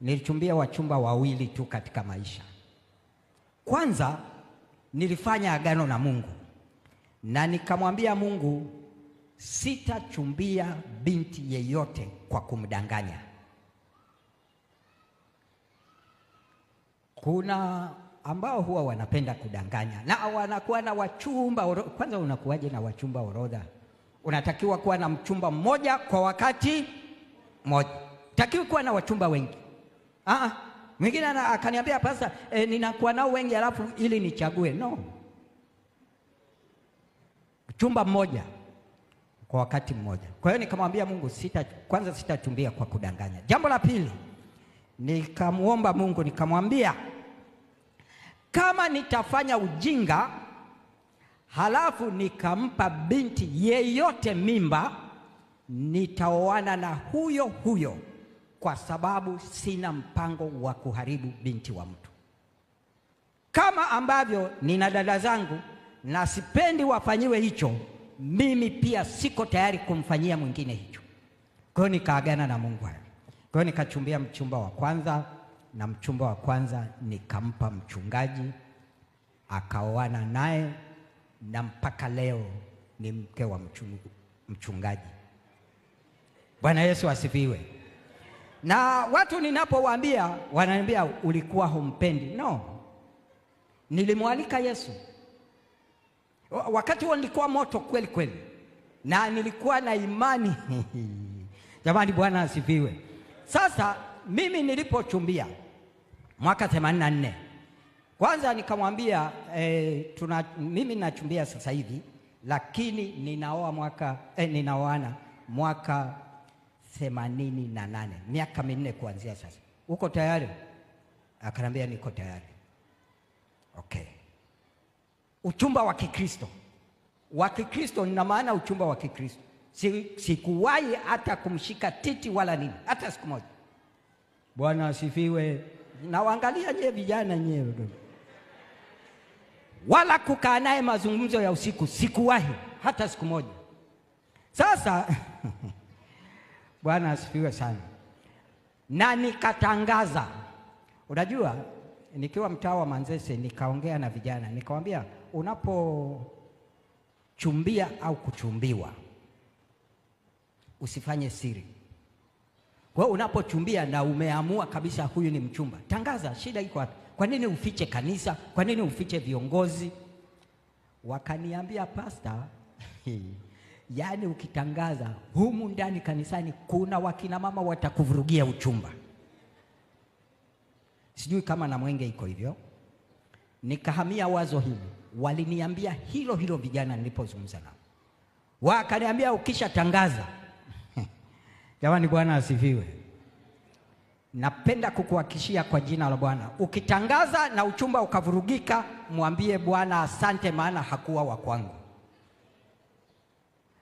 nilichumbia wachumba wawili tu katika maisha. Kwanza nilifanya agano na Mungu na nikamwambia Mungu sitachumbia binti yeyote kwa kumdanganya. Kuna ambao huwa wanapenda kudanganya na wanakuwa na wachumba orodha. Kwanza unakuwaje na wachumba orodha? Unatakiwa kuwa na mchumba mmoja kwa wakati mmoja, takiwa kuwa na wachumba wengi. Ah, ah, mwingine akaniambia pasta, eh, ninakuwa nao wengi alafu ili nichague. No, chumba mmoja kwa wakati mmoja. Kwa hiyo nikamwambia Mungu sita, kwanza sitachumbia kwa kudanganya. Jambo la pili nikamwomba Mungu nikamwambia, kama nitafanya ujinga halafu nikampa binti yeyote mimba, nitaoana na huyo huyo kwa sababu sina mpango wa kuharibu binti wa mtu, kama ambavyo nina dada zangu na sipendi wafanyiwe hicho, mimi pia siko tayari kumfanyia mwingine hicho. Kwa hiyo nikaagana na Mungu hayo. Kwa hiyo nikachumbia mchumba wa kwanza, na mchumba wa kwanza nikampa mchungaji, akaoana naye na mpaka leo ni mke wa mchungaji. Bwana Yesu asifiwe na watu ninapowaambia wananiambia ulikuwa humpendi. No, nilimwalika Yesu wakati huo nilikuwa moto kweli kweli, na nilikuwa na imani jamani, Bwana asifiwe. Sasa mimi nilipochumbia mwaka 84 kwanza nikamwambia e, tuna, mimi nachumbia sasa hivi, lakini ninaoa mwaka e, ninaoana mwaka themanini na nane, miaka minne kuanzia sasa. Uko tayari? Akanambia niko tayari. Okay. Uchumba wa Kikristo, wa Kikristo nina maana uchumba wa Kikristo. Sikuwahi hata kumshika titi wala nini, hata siku moja. Bwana asifiwe. Nawaangalia nyewe vijana nyewe, wala kukaa naye mazungumzo ya usiku, sikuwahi hata siku moja. Sasa Bwana asifiwe sana. Na nikatangaza, unajua nikiwa mtaa wa Manzese nikaongea na vijana nikawambia, unapochumbia au kuchumbiwa usifanye siri. Kwa hiyo unapochumbia na umeamua kabisa huyu ni mchumba, tangaza. Shida iko wapi? Kwa nini ufiche kanisa? Kwa nini ufiche viongozi? Wakaniambia pasta Yaani ukitangaza humu ndani kanisani kuna wakinamama watakuvurugia uchumba. Sijui kama na Mwenge iko hivyo. Nikahamia wazo hili, waliniambia hilo hilo vijana nilipozungumza nao, wakaniambia ukishatangaza jamani, Bwana asifiwe. Napenda kukuhakikishia kwa jina la Bwana, ukitangaza na uchumba ukavurugika, mwambie Bwana asante, maana hakuwa wa kwangu.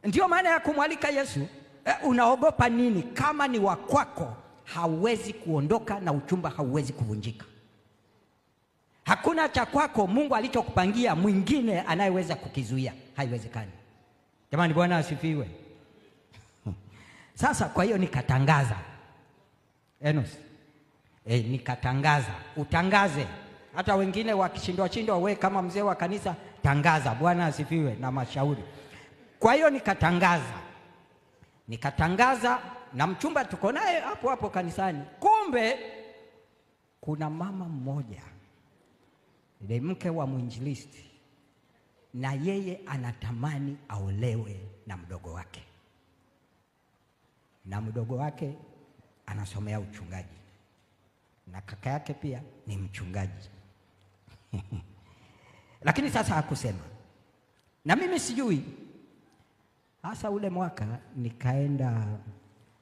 Ndiyo maana ya kumwalika Yesu. Eh, unaogopa nini? Kama ni wakwako hauwezi kuondoka na uchumba hauwezi kuvunjika. Hakuna cha kwako Mungu alichokupangia mwingine anayeweza kukizuia, haiwezekani. Jamani, Bwana asifiwe. Sasa kwa hiyo nikatangaza Enos. E, nikatangaza utangaze, hata wengine wakishindwa shindwa, wewe kama mzee wa kanisa tangaza. Bwana asifiwe na mashauri kwa hiyo nikatangaza, nikatangaza na mchumba tuko naye hapo hapo kanisani. Kumbe kuna mama mmoja ni mke wa mwinjilisti, na yeye anatamani aolewe na mdogo wake, na mdogo wake anasomea uchungaji na kaka yake pia ni mchungaji lakini sasa hakusema, na mimi sijui Hasa ule mwaka nikaenda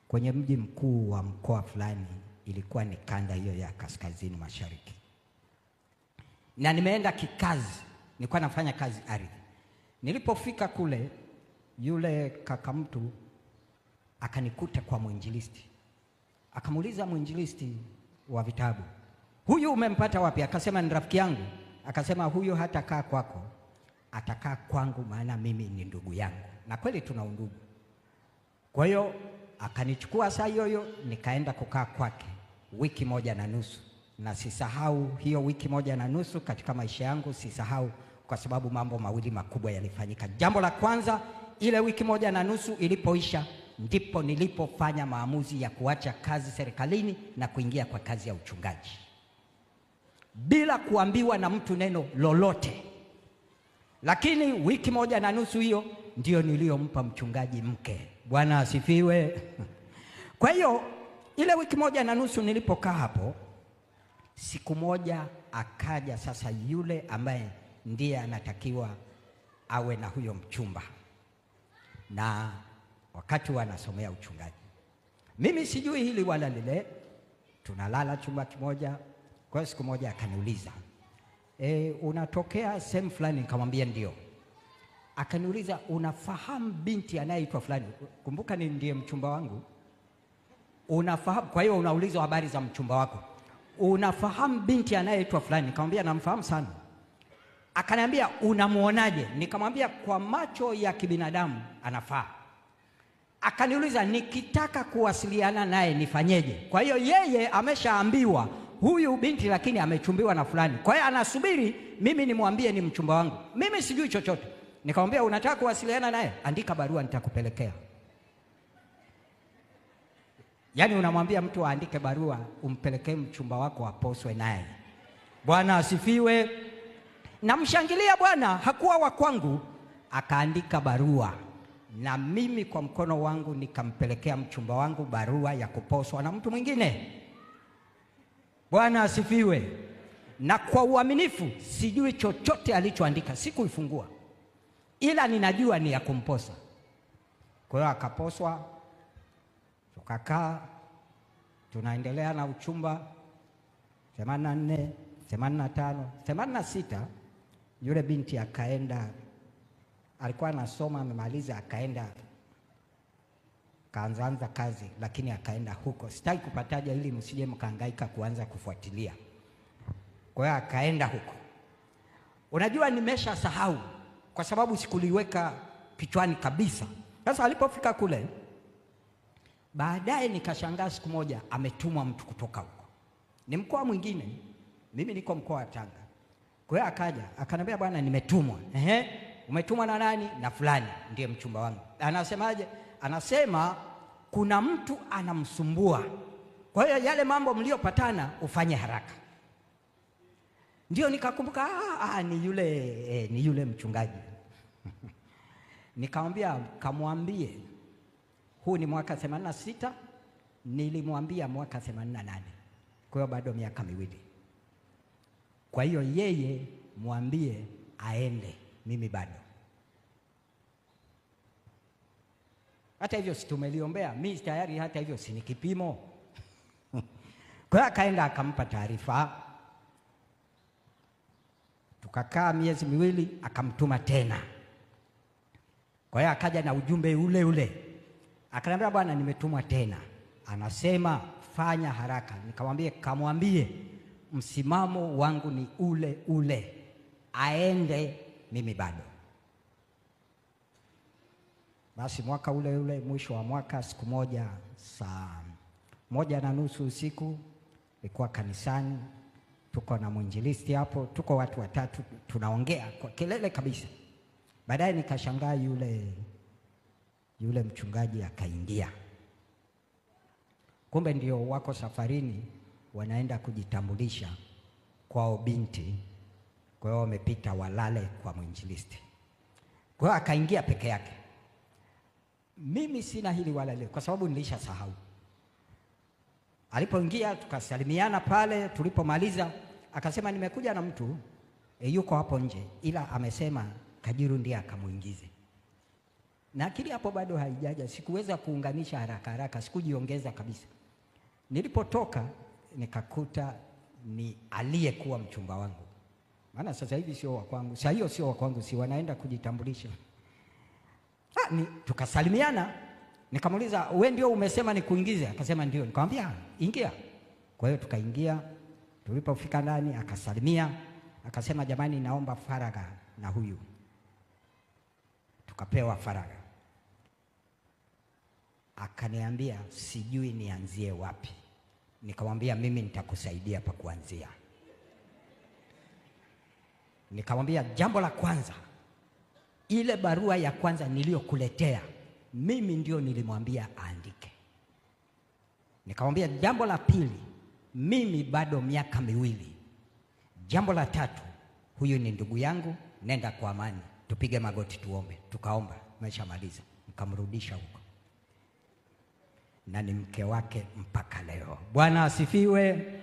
kwenye mji mkuu wa mkoa fulani, ilikuwa ni kanda hiyo ya kaskazini mashariki, na nimeenda kikazi, nilikuwa nafanya kazi ardhi. Nilipofika kule, yule kaka mtu akanikuta kwa mwinjilisti, akamuuliza mwinjilisti wa vitabu, huyu umempata wapi? Akasema ni rafiki yangu. Akasema huyu hatakaa kwako, atakaa kwangu, maana mimi ni ndugu yangu na kweli tuna undugu. Kwa hiyo akanichukua saa hiyo hiyo nikaenda kukaa kwake wiki moja na nusu, na sisahau hiyo wiki moja na nusu katika maisha yangu, sisahau kwa sababu mambo mawili makubwa yalifanyika. Jambo la kwanza, ile wiki moja na nusu ilipoisha, ndipo nilipofanya maamuzi ya kuacha kazi serikalini na kuingia kwa kazi ya uchungaji bila kuambiwa na mtu neno lolote. Lakini wiki moja na nusu hiyo ndio niliyompa mchungaji mke. Bwana asifiwe. Kwa hiyo ile wiki moja na nusu nilipokaa hapo, siku moja akaja sasa yule ambaye ndiye anatakiwa awe na huyo mchumba, na wakati wanasomea uchungaji, mimi sijui hili wala lile, tunalala chumba kimoja. Kwa hiyo siku moja akaniuliza, e, unatokea sehemu fulani? Nikamwambia ndio akaniuliza unafahamu binti anayeitwa fulani? Kumbuka ni ndiye mchumba wangu, unafahamu? Kwa hiyo unaulizwa habari za mchumba wako, unafahamu binti anayeitwa fulani? Nikamwambia namfahamu sana. Akaniambia unamwonaje? Nikamwambia kwa macho ya kibinadamu anafaa. Akaniuliza nikitaka kuwasiliana naye nifanyeje? Kwa hiyo yeye ameshaambiwa huyu binti, lakini amechumbiwa na fulani. Kwa hiyo anasubiri mimi nimwambie ni mchumba wangu. Mimi sijui chochote. Nikamwambia unataka kuwasiliana naye, andika barua nitakupelekea. Yaani unamwambia mtu aandike barua umpelekee mchumba wako aposwe naye. Bwana asifiwe. Namshangilia bwana, hakuwa wa kwangu, akaandika barua na mimi kwa mkono wangu nikampelekea mchumba wangu barua ya kuposwa na mtu mwingine. Bwana asifiwe. Na kwa uaminifu, sijui chochote alichoandika, sikuifungua ila ninajua ni ya kumposa. Kwa hiyo akaposwa, tukakaa tunaendelea na uchumba 84 85 86 yule binti akaenda, alikuwa anasoma amemaliza, akaenda kaanzaanza kazi, lakini akaenda huko. Sitaki kupataja ili msije mkahangaika kuanza kufuatilia. Kwa hiyo akaenda huko, unajua nimesha sahau kwa sababu sikuliweka kichwani kabisa. Sasa alipofika kule, baadaye nikashangaa siku moja ametumwa mtu kutoka huko, ni mkoa mwingine, mimi niko mkoa wa Tanga. Kwa hiyo akaja akaniambia, bwana, nimetumwa. Ehe, umetumwa na nani? Na fulani, ndiye mchumba wangu. Anasemaje? Anasema kuna mtu anamsumbua, kwa hiyo yale mambo mliyopatana ufanye haraka. Ndio nikakumbuka ah, ah, ni yule eh, ni yule mchungaji nikamwambia, kamwambie huu ni mwaka 86 nilimwambia mwaka 88 kwa hiyo bado miaka miwili. Kwa hiyo yeye mwambie aende, mimi bado. Hata hivyo situmeliombea mi tayari, hata hivyo sini kipimo. Kwa hiyo akaenda akampa taarifa kakaa miezi miwili, akamtuma tena. Kwa hiyo akaja na ujumbe ule ule, akaniambia, bwana, nimetumwa tena, anasema fanya haraka. Nikamwambie, kamwambie msimamo wangu ni ule ule, aende, mimi bado. Basi mwaka ule ule, mwisho wa mwaka, siku moja, saa moja na nusu usiku, nilikuwa kanisani tuko na mwinjilisti hapo, tuko watu watatu tunaongea kwa kelele kabisa. Baadaye nikashangaa yule yule mchungaji akaingia, kumbe ndio wako safarini, wanaenda kujitambulisha kwao binti. Kwa hiyo wamepita walale kwa mwinjilisti, kwa hiyo akaingia peke yake. Mimi sina hili wala lile, kwa sababu nilisha sahau. Alipoingia tukasalimiana pale, tulipomaliza Akasema nimekuja na mtu e, yuko hapo nje, ila amesema Kajiru ndiye akamuingize. na akili hapo bado haijaja, sikuweza kuunganisha haraka haraka, sikujiongeza kabisa. Nilipotoka nikakuta ni aliyekuwa mchumba wangu, maana sasa hivi sio wa kwangu, saa hiyo sio wa kwangu, si wanaenda kujitambulisha. Ha, ah, ni, tukasalimiana nikamuuliza, we ndio umesema nikuingize? Akasema ndio. Nikamwambia ingia. Kwa hiyo tukaingia Tulipofika ndani akasalimia, akasema jamani, naomba faragha na huyu. Tukapewa faragha, akaniambia sijui nianzie wapi. Nikamwambia mimi nitakusaidia pa kuanzia. Nikamwambia jambo la kwanza, ile barua ya kwanza niliyokuletea mimi ndio nilimwambia aandike. Nikamwambia jambo la pili mimi bado miaka miwili. Jambo la tatu, huyu ni ndugu yangu, nenda kwa amani, tupige magoti tuombe. Tukaomba, meshamaliza, mkamrudisha huko, na ni mke wake mpaka leo. Bwana asifiwe.